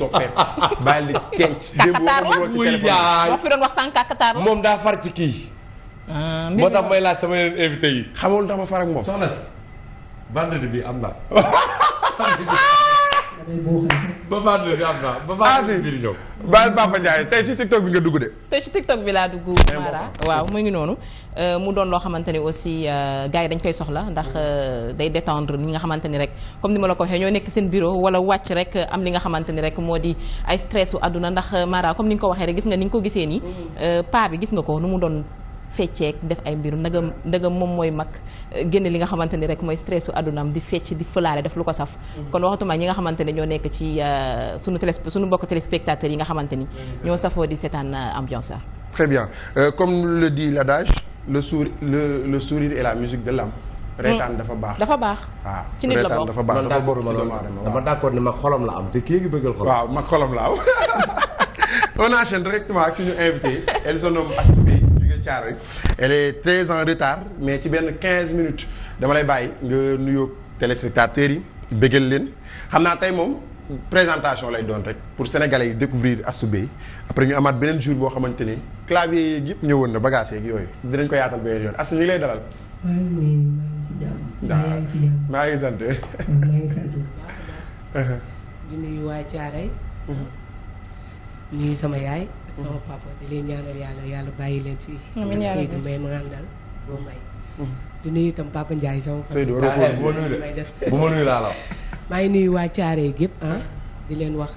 soppeeku bàyyi la tenc. kakatar la wuy fi doon wax sànq kakatar la moom daa far ci kii. Ah, moo tax may laaj sama yeneen invité yi. xamul dama far ak moom. soxna si vendredi bi am na. ba Fane la am naa ba Fane la ah, Papa Ndiaye tey ci TikTok bi nga dugg de. tey ci TikTok bi laa dugg. Mara waaw mu ngi noonu. Euh, mu doon loo xamante ni aussi euh, gaa yi dañ koy soxla ndax euh, day détendre li nga xamante ni rek comme ni ma la ko waxee ñoo nekk seen bureau wala wàcc rek am li nga xamante ni rek moo di ay stress u àdduna ndax Mara comme ni nga ko waxee rek gis nga ni nga ko gisee nii. Mm-hmm. paa bi gis nga ko nu mu doon. fecceek def ay mbiru ndagam ndagam moom mooy mag génn li nga xamante ni rek mooy stressu àddunaam di fecc di fëlaale def lu ko saf mm-hmm. kon waxatuma ñi nga xamante ne ñoo nekk ci euh, sunu télé sunu mbokk téléspectateurs yi nga xamante ni ñoo safoo di seetaan euh, ambiance très bien euh, comme le dit l'adage le le sourire est la musique de l'âme mm. reetaan dafa baax dafa baax. waaw ah, ci nit la bokk dafa baax dafa boru ma loolu dama d'accord ni mag xolam la am te kii ngi bëggal xolam. waaw mag xolam la Thiaroye elle est très en retard mais ci benn 15 minutes dama lay bàyyi nga nuyoo téléspectateurs yi bëggal leen xam naa tey moom présentation lay doon rek pour sénégalais yi découvrir Astou Bèye après ñu amaat beneen jour boo xamante ni clavier yeeg yëpp ñëwoon na bagage yeeg yooyu dinañ ko yaatal beneen yoon Astou ñu lay dalal. waaw maa ngi nuyu sama yaay. sama papa di leen ñaanal yàlla yàlla bàyyi leen fii. amiin Seydou Mbaye ma àndal boo Mbaye. Mm-hmm. di nuyu itam papa Ndiaye sama. Seydou bu ma nuyu laa la maa ngi nuyu waa Thiaré gépp ah di leen wax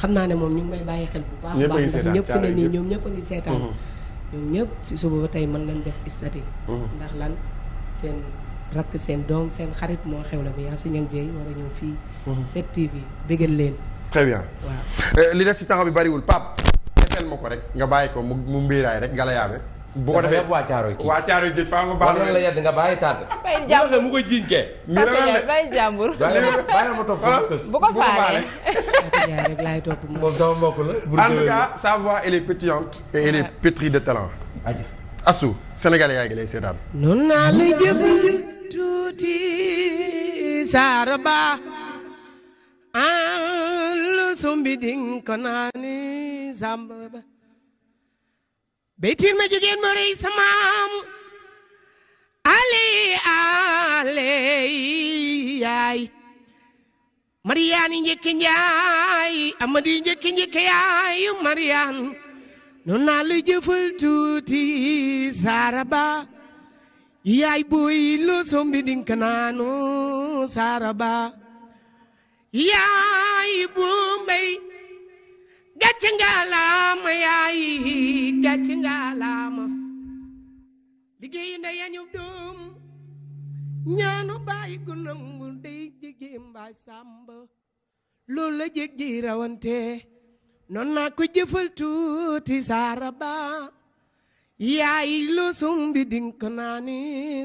xam naa ne moom ñu ngi may bàyyi xel bu baax a baax ndax ñëpp ne nii ñoom ñëpp a ngi seetaan. Mm-hmm. ñoom ñëpp si suba ba tey mën nañ def istati mm-hmm. ndax lan seen rakk seen doom seen xarit moo xew la bi yaa si ñëw bi war a ñëw fii. 7TV bégal leen. très bien waaw eh, li des si temps bi bariwul Pape. fecceel ma ko rek nga bàyyi ko mu mbiiraay rek nga la yaabe bu ko defee waa caaro kii waa caaro kii faa nga baax la yedd nga bàyyi tàdd bàyyi jàmbur de talent Astou sénégalais yaa gi lay seetaan noonu naa lay jëfal tuuti saara an lu sumbi ding ko naa sàmba ma jigéen ma rëy sa maam ale ale yaay mariyaan yi njëkke njaay amadi yi njëkke njëkke mariyaan noon naa la jëfal tuuti saaraba yaay booy loo sombi dinka naanu saaraba yaay boo gàcc ngaalaama yaayi gàcc ngaalaama liggéey na yañu doom ñaanu bàyyi gu nangu day jege mbaay sàmba loolu la jég ji rawante non naa ko jëfal tuuti saara ba yaayi loo sumbi dink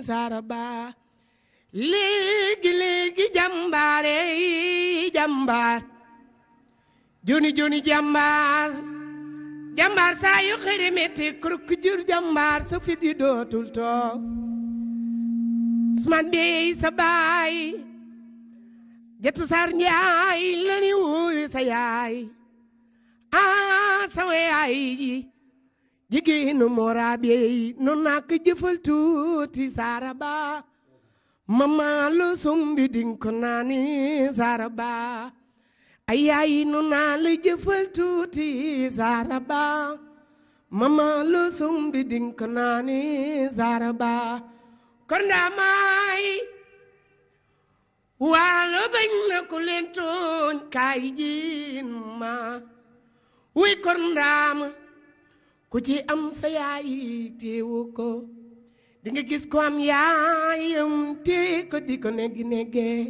saara ba léegi léegi jàmbaare yi joni joni jàmbaar jàmbaar saa yu kuruk jur jàmbaar su yi dootul toog Usmaan bey sa baay jëtu njaay la sa yaay aa ah, sawe yaay ji jigéenu mooraa bey nu nakk jëfal tuuti saara baa mama lu sumbi din ko naani saara baa ayayi nu naa lu jëfal tuuti zaraba mama lu sumbi dink naa ni zaraba kondaamaay waalo bañ na ku leen tooñ kaay jiin ma wuy kondaam ku ci am sa yaayi teewu ko di nga gis ko am yaayam tee ko di ko neggi neggee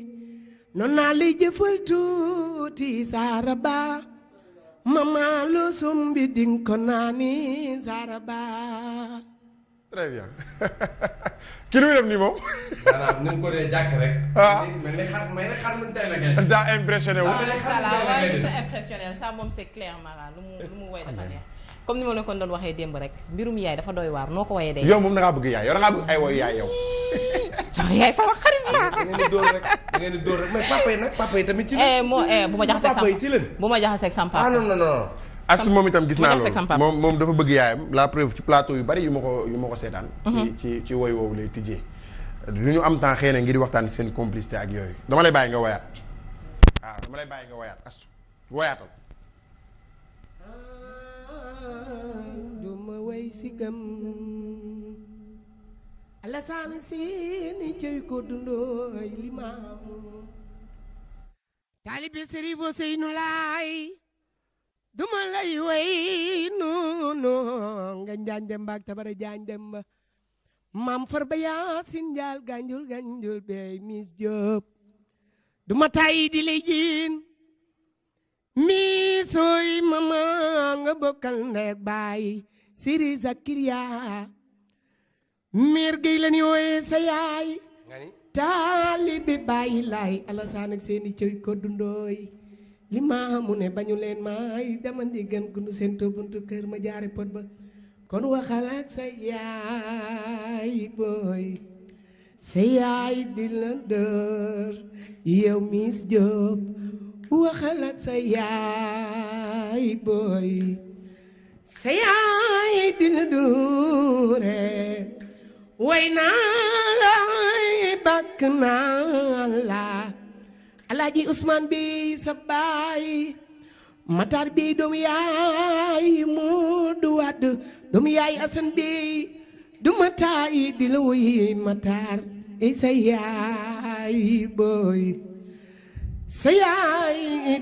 noon naa luy jëfal tuuti tuuti Zaraba mama lu sumbi ni mu ko dee jàkk rek. ah mais ah, li lu mu lu mu woy dafa neex. comme ni ma la doon waxee démb rek mbirum yaay dafa doy waar noo ko woyee day. yow moom da bëgg yaay yow da bëgg ay woy yaay yow. sama yaay sama xarit la. da ngeen di dóor rek da ngeen di dóor nag papa tamit. ci eh, leen moo eh, bu ma jaxaseeg sama papa bu ma jaxaseeg sama papa ah non non non. astu moom itam gis naa loolu moom moom dafa bëgg yaayam la preuve ci yu bari yu ma ko yu ma ko seetaan. Mhm. ci ci ci woy woowu lay tijjee. du am temps na ngir waxtaan seen complicité ak yooyu dama lay bàyyi nga woyaat waaw ah, dama lay nga woyaat astu ah, du ma woy si gëm. Alassane Séni cey ko dundooy limaamu taalibe Sëriif Useynu Laay duma lay wey noonu nga njaanjem baak tabara njaanjem ba maam Farba Yaasin Njaal ganjul ganjul bey Miss Diop duma tay di lay jiin miisooy mama nga bokkal ndeeg baay Siri Zakariya miir géy la ni wooyee sa yaay taali bàyyi laay alasaan ak seeni cëy ko dundooy li maa mu ne bañu leen maay damandi gën gundu seen tobuntu kër ma jaare pot ba kon waxal ak sa yaay booy sa yaay di dër yow miis Jóob waxal ak sa yaay booy sa yaay di la dóore way naa la bàkk naa la alaaji Ousmane bi sa baay Matar bi doomu yaay Moodu Wàdd doomu yaay Asan bi du mataay di la wuy yaay booy sa yaay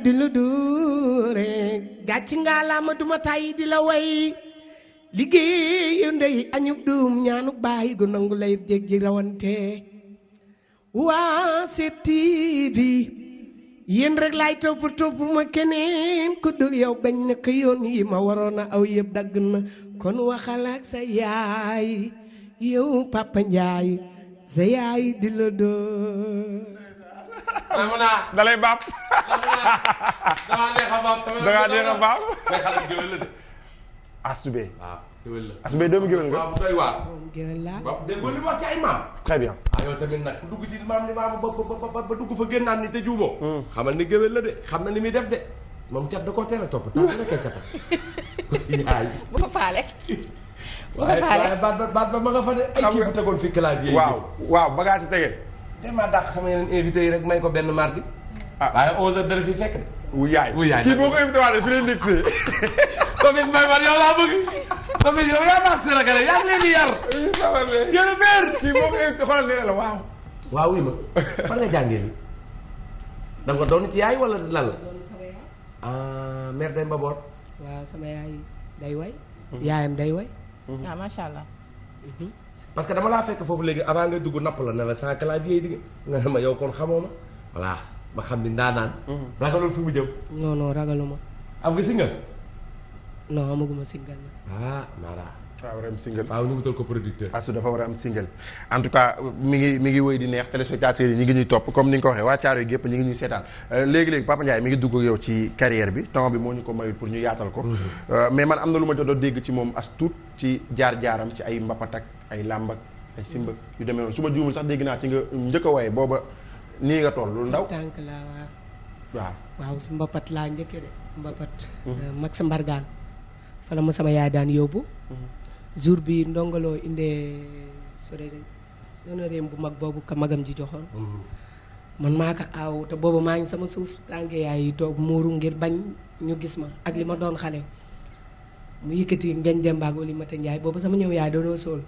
di la duure gàcc nga la ma du mataay di liggéeyu ndey añub duum ñaanu baay gu nangu lay jég ji rawante waa Sen TV yéen rek laay topp topp ma keneen ku dul yow bañ na ko yoon yi ma waroon a aw yëpp dagg na kon waxal ak sa yaay yow Papa Ndiaye sa yaay di dalay baab. a baab sama. da ngaa Asubé. waaw ah, géwél la Asubé doomu géwél nga. waaw doy waar. géwél laa. waaw dégg nga li wax ci ay maam. très bien. waaw ah, yow tamit nag ku dugg ci maam li maam ba ba ba ba dugg fa génnaat ni te juumoo. Hmm. xamal ni géwél la de xam na li muy def de moom cat da koo teel a topp tànn na kay cat. yaay. bu ko ba baat ba ma waaw waaw bagage yi tege. vraiment dàq sama yeneen invité yi rek may ko benn mardi. Ah. waaye 11 dara fi fekk de. wu yaay wu yaay kii boo ko invité waale fi lay Papis Mbaye man yow laa bëgg Papis yow yaa baax Sénégalais yaa ngi leen di yar. jërëjëf. kii moom la waaw. waaw ma fan nga jàngee lii da doon ci yaay wala lan la. ah mère Demba waaw sama yaay day way. yaayam day way. ah macha allah. parce que dama laa fekk foofu léegi avant ngay dugg napp la ne la sans clavier di nga ne ma yow kon xamoo ma voilà ma xam ni ndaanaan. ragalul fi mu jëm. non ragaluma. am non amaguma single na ah, Mara. dafa war a am single waaw ñu wutal ko dafa war a am single en tout mi ngi mi ngi woy di neex téléspectateurs yi ñu ngi ñuy topp comme ni nga ko waxee waa Caaroy gépp ñu ngi ñuy seetaan euh, léegi-léegi Papa Ndiaye mi ngi dugg yow ci carrière bi temps bi moo ñu ko mayul pour ñu yaatal ko. Mhm. Euh, mais man am na lu ma jot a dégg ci moom as tuut ci jaar-jaaram ci ay mbapat ak ay làmb ak ay simb ak yu demee su ma juumul sax dégg naa ci nga njëkka a waaye booba nii nga tool lu ndaw. tànk laa waaw. waaw su mbapat laa njëkkee de mbapat. Mhm. Euh, Max Mbargane fa ma sama yaay daan yóbbu. Mhm. jour bi ndongoloo indee sonoreem bu mag boobu ka magam ji joxoon. Mhm. man maa ko aaw te boobu maa ngi sama suuf tànge yaay yi toog muuru ngir bañ ñu gis ma ak li ma doon xale. mu yëkkati ngeen jëmbaag wala Mata Ndiaye boobu sama ñëw yaay doonoo sool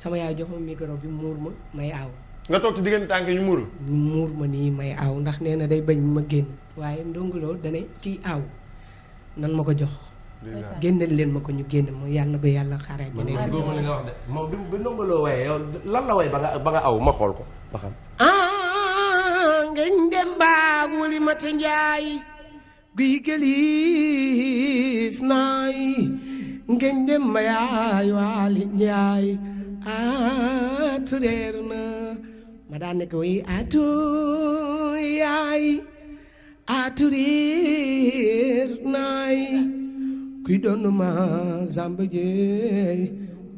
sama yaay jox ma bi muur ma may aaw. nga toog ci diggante tànk ñu muur. muur ma nii may aaw ndax nee na day bañ ma génn waaye ndongoloo dane kii aaw nan ma jox. génneel leen ma ko ñu génn mu yàlla ko yàlla xaaree. man man góob li bi ndongo loo yow lan way ba nga aw ma xool ko ah, ba xam. ngañ dem baaguli ma ca njaay guy gëlis naay ngañ dem ma yaay waali njaay ah na ma daa nekk way atu yaay ah tureer kuy doonu ma sàmba jeey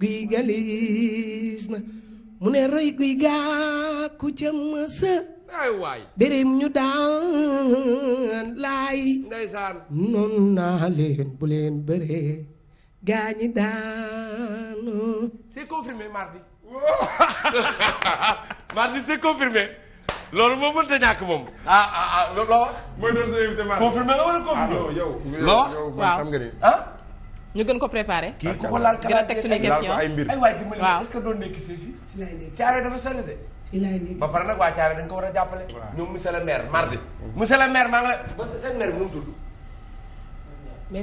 guy galis na mu ne roy guy gàkku ca mësa béréem ñu daan laay ndeysaan naa leen bu leen bëree gaañi daanu c'est confirmé mardi mardi c'est confirmé loolu moo mënta ñàkk moom. ah ah ah, ah yow loo wax waaw xam ah? ñu gën ko préparé. kii ku ko a teg suñu question ay mbir. que doon nekk si fii. caare dafa sori waa caare dañ ko war a jàppale. ñoom monsieur le maire mardi. monsieur le maire maa ngi lay ba seen maire bi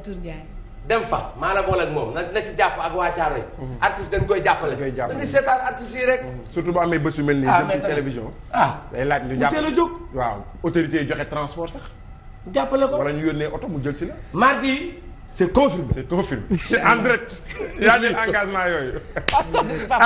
nu mu dem fa maa la boole moom na na ci jàpp ak waa Thiaroye mhm. artiste dañ koy jàppale dañuy seetaan artistes yi rek mhm. surtout bu amee bés yu mel nii ah, jëm ci ah day laaj ñu jàpp teel a jóg waaw autorité yi joxe transport jàppale ko wala ñu yónnee oto mu jël si la mardi c'est confirmé c'est confirmé c'est en direct y a des engagements yooyu.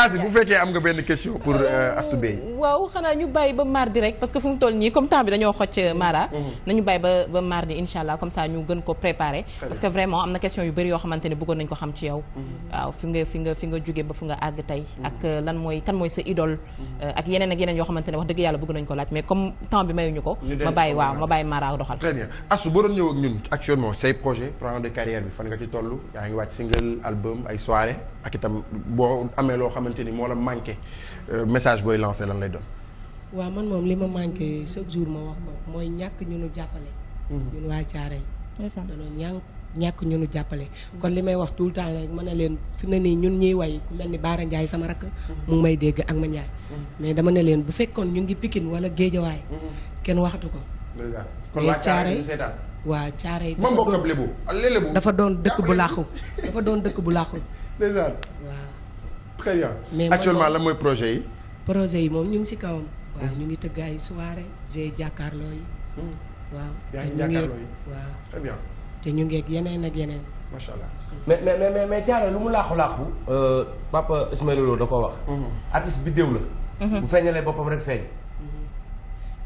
Asi bu fekkee am nga benn question pour euh, Astou Beye. Euh, waaw xanaa ñu bàyyi ba mardi rek parce que fu toll nii comme temps bi dañoo xocc euh, Mara. Mm-hmm. nañu bàyyi ba mardi incha allah comme ça ñu gën ko préparer. parce que vraiment am na question yu bëri yoo xamante ne bëggoon ko xam ci yow. Mm-hmm. waaw fi nga fi nga fi nga jóge ba fi nga àgg tey. Mm-hmm. ak lan mooy kan mooy sa idole. ak yeneen ak yeneen yoo xamante carrière bi fan nga ci toll yaa ngi wàcc single album ay soirée ak itam boo amee loo xamante ni moo la manqué euh, message booy lancé lan lay doon. waaw man moom li ma manqué chaque jour ma wax ko mooy ñàkk ñu nu jàppale. Mhm. ñun waa Caaroy. danoo ñànk ñàkk ñu nu jàppale. kon li may wax tout le temps rek mën na leen fi na nii ñun ñuy way ku mel ni Baara sama rakk. Mhm. mu may dégg ak ma Ndiaye. Mhm. mais dama ne leen bu fekkoon ñu ngi Pikine wala Géejawaay. kenn waxatu ko. dëgg la kon waa waa Caaroy ma mbokk ab lébu lébu dafa doon dëkk bu laaxu dafa doon dëkk bu laaxu déjà waaw très bien mais actuellement lan mooy projet yi projet yi moom ñu ngi si kawam waaw hmm. ñu ngi tëgg ay soirée j'ai jàkkaarloo yi hmm. waaw yaa ngi jàkkaarloo yi waaw très bien te ñu ngeeg yeneen ak yeneen macha allah hmm. mais mais mais mais Thiaré lu mu laaxu laaxu euh, papa Ismaël Lo da ko wax artiste bi déw la bu feeñalee boppam rek feeñ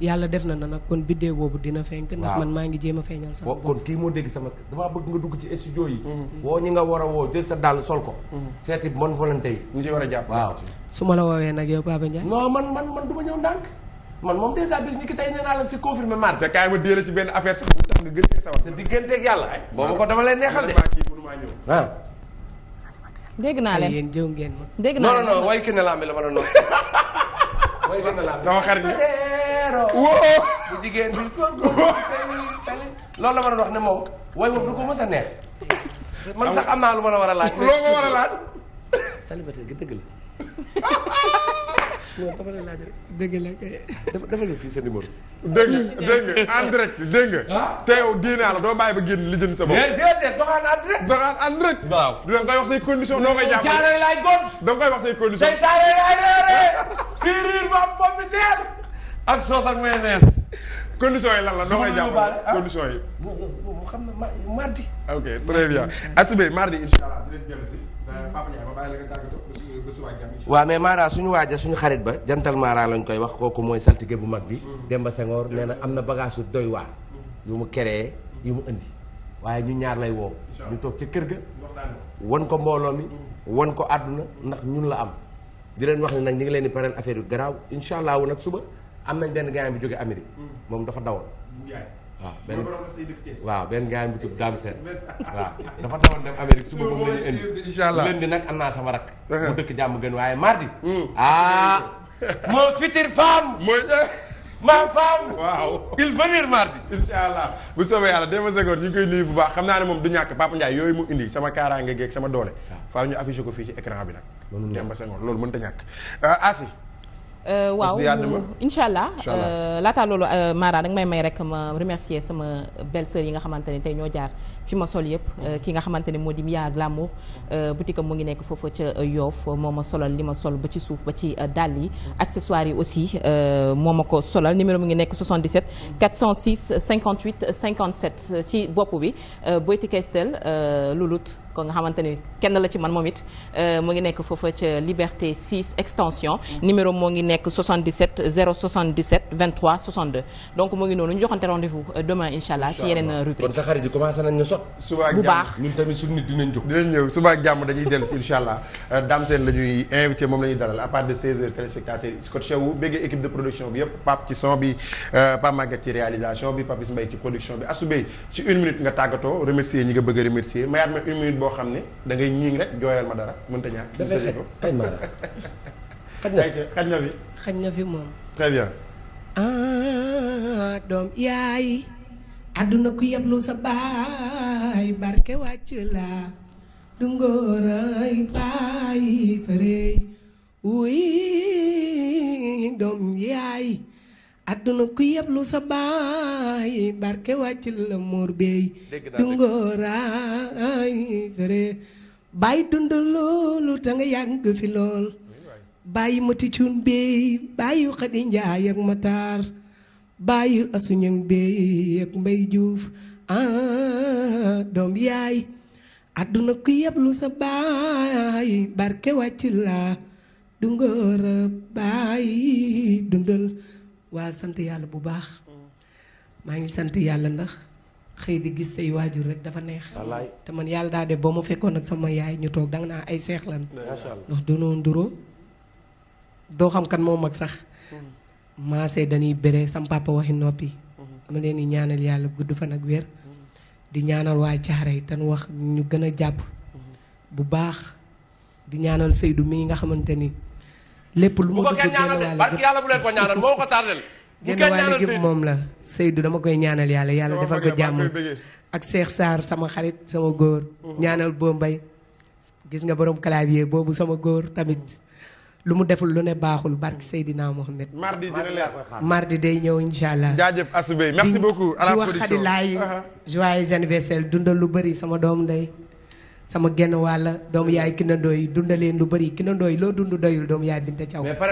yàlla def na na nag kon biddee boobu dina fenk ndax man maa ngi jéem a feeñal sama bopp kon kii moo dégg sama damaa bëgg nga dugg ci studio yi mm-hmm. woo ñi nga war a woo jël sa dàll sol ko mm-hmm. seeti bonne volonté yi ñu ci war a jàpp waaw su ma la woowee nag yow Papa Ndiaye non man man man du ma ñëw man moom dèjà bis ni ki tey la si confirmé maat te kaay ma déela ci benn affaire sax bu tax nga gën cee sawar sa digganteeg yàlla boobu ko dama leen neexal de mënumaa ah. naa leen yéen jëw ngeen ma dégg naa leen non non la ma doon sama leeroo. woo. bu jigéen bi ko loolu la ma doon wax ne moom. way moom du ko mës a neex. man sax am naa lu ma la war a laaj. loo ma war a laaj. célibataire gi dëgg la. non dafa lay laaj rek. dëgg la kay. dafa dafa la fii sa numéro. dégg nga dégg nga en direct dégg nga. ah te yow diinaa la doo bàyyi ba génn li jënd sa bopp. mais déedéet doxaan en direct. doxaan en direct. waaw da nga koy wax say condition noo koy jàppale. jaaree laay góor. da nga koy wax say condition. tey taaree laay reeree. fii riir ba am pomme de terre. ak soos ak mayonnaise. conditions yi lan la noo koy jàppale ah. conditions yi. xam na mardi. ok très bien Asubé euh, suñu waaja suñu xarit ba jantal Mara lañ koy wax kooku mooy saltige bu mag bi. Mm-hmm. Demba Senghor am na bagage yu doy waar. Mm-hmm. yu mu créé yu mu indi. waaye ñu ñaar lay woo. ñu toog ca kër ga. wan ko mbooloo mi. Mm-hmm. wan ko àdduna ndax ñun la am. di leen wax ne nag ñu ngi leen di pareel affaire yu garaaw incha allah nag suba. am nañ benn gaañ bi jógee Amérique mm. moom dafa dawoon waaw benn waaw benn gaañ bu tudd Dame waaw dafa dawoon dem Amérique suba moom la indi incha allah lundi nag am naa rak mu jàmm gën waaye mardi mm. ah moo fitir femme mooy ma femme waaw il venir mardi incha allah bu soobee yàlla Demba Senghor ñu koy nuyu bu baax xam naa ne moom du ñàkk Papa Ndiaye yooyu mu indi sama kaaraange geeg sama doole faaw ñu affiché ko fii ci écran bi nag Demba Senghor loolu mënta ñàkk ah, Asi Euh, waaw incha allah laataa loolu euh, Mara danga may may rek ma remercier sama belle sœur yi nga xamante ni tey ñoo jaar fi ma sol yëpp euh, ki nga xamante ne moo di Mia Glamour euh, boutique am mu ngi nekk foofu ca euh, Yoff moo ma solal li ma sol ba ci suuf ba ci dàll yi accessoires yi aussi moo ma ko solal numéro mu ngi nekk 77 406 58 57 ci bopp bi Boyti Kestel Louloute ko nga xamante ni kenn la ci man moom it mu ngi nekk foofa ca Liberté 6 extension numéro moo ngi nekk 77 077 23 62 donc mu ngi noonu ñu joxante rendez-vous demain incha allah ci yeneen rubrique kon sa xarit yi commencé nañ jot. bu baax ñun tamit suñu nit dinañ jóg. dinañ ñëw suba ak jàmm dañuy dellu incha allah euh, Dame Sène la ñuy invité moom la dalal à de 16h téléspectateurs yi Scott Show équipe de production bi yëpp Pape ci son bi euh, Pape Maguette ci réalisation bi Papis Mbaye ci production bi asubéy ci une minute nga tàggatoo remercier ñi nga bëgg a mayaat ma une minute boo xam ne da ngay rek jooyal ma dara mënta ñàkk. xaj adduna ku yeblu sa baay barke wàcc la du ngóoray bàyyi fërëy wuy doom yaay àdduna ku yeblu sa baay barke wàcc la móor beey du ngóoray fërëy bàyyi dund loolu te nga yàgg fi lool bàyyi mati cuun beey bàyyi xadi njaay ak mataar bàyyi asuñan bey ak mbay juuf ah, doom yaay àdduna ku yeblu sa baay barke wàcc la du ngóor a bàyyi dundal waa sant yàlla bu baax maa ngi sant yàlla ndax xëy di gis say waajur rek dafa neex te man yàlla daa def boo ma fekkoon ak sama yaay ñu toog danga naa ay seex lan ndax dunoo nduroo doo xam kan moo mag sax hmm. maase dañuy bére sam papa waxi noppi. Mhm. dama leen yàlla gudd fan ak wér. Mhm. ñaanal waa caare yi wax ñu gën a jàpp. Mhm. baax di ñaanal Seydou mi nga xamante ni lépp la Seydou dama koy ñaanal yàlla yàlla defal ko jàmm ak Cheikh Sarr sama xarit sama góor ñaanal boo mbay gis nga boroom clavier boobu sama góor tamit lu mu deful lu ne baaxul barke Seydina Mohamed. mardi dina leer mardi day ñëw incha allah. jaajëf Asubey merci beaucoup. à la production uh-huh. dundal lu bari sama doom de sama genn wàlla doom yaay kinandooy dundaleen lu bëri kinandooy loo dund doyul doom yaay binte caw. mais pare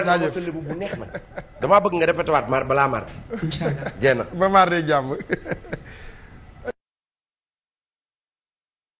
neex na. bëgg nga répété waat mar balaa mar. incha ba maar dee jàmm.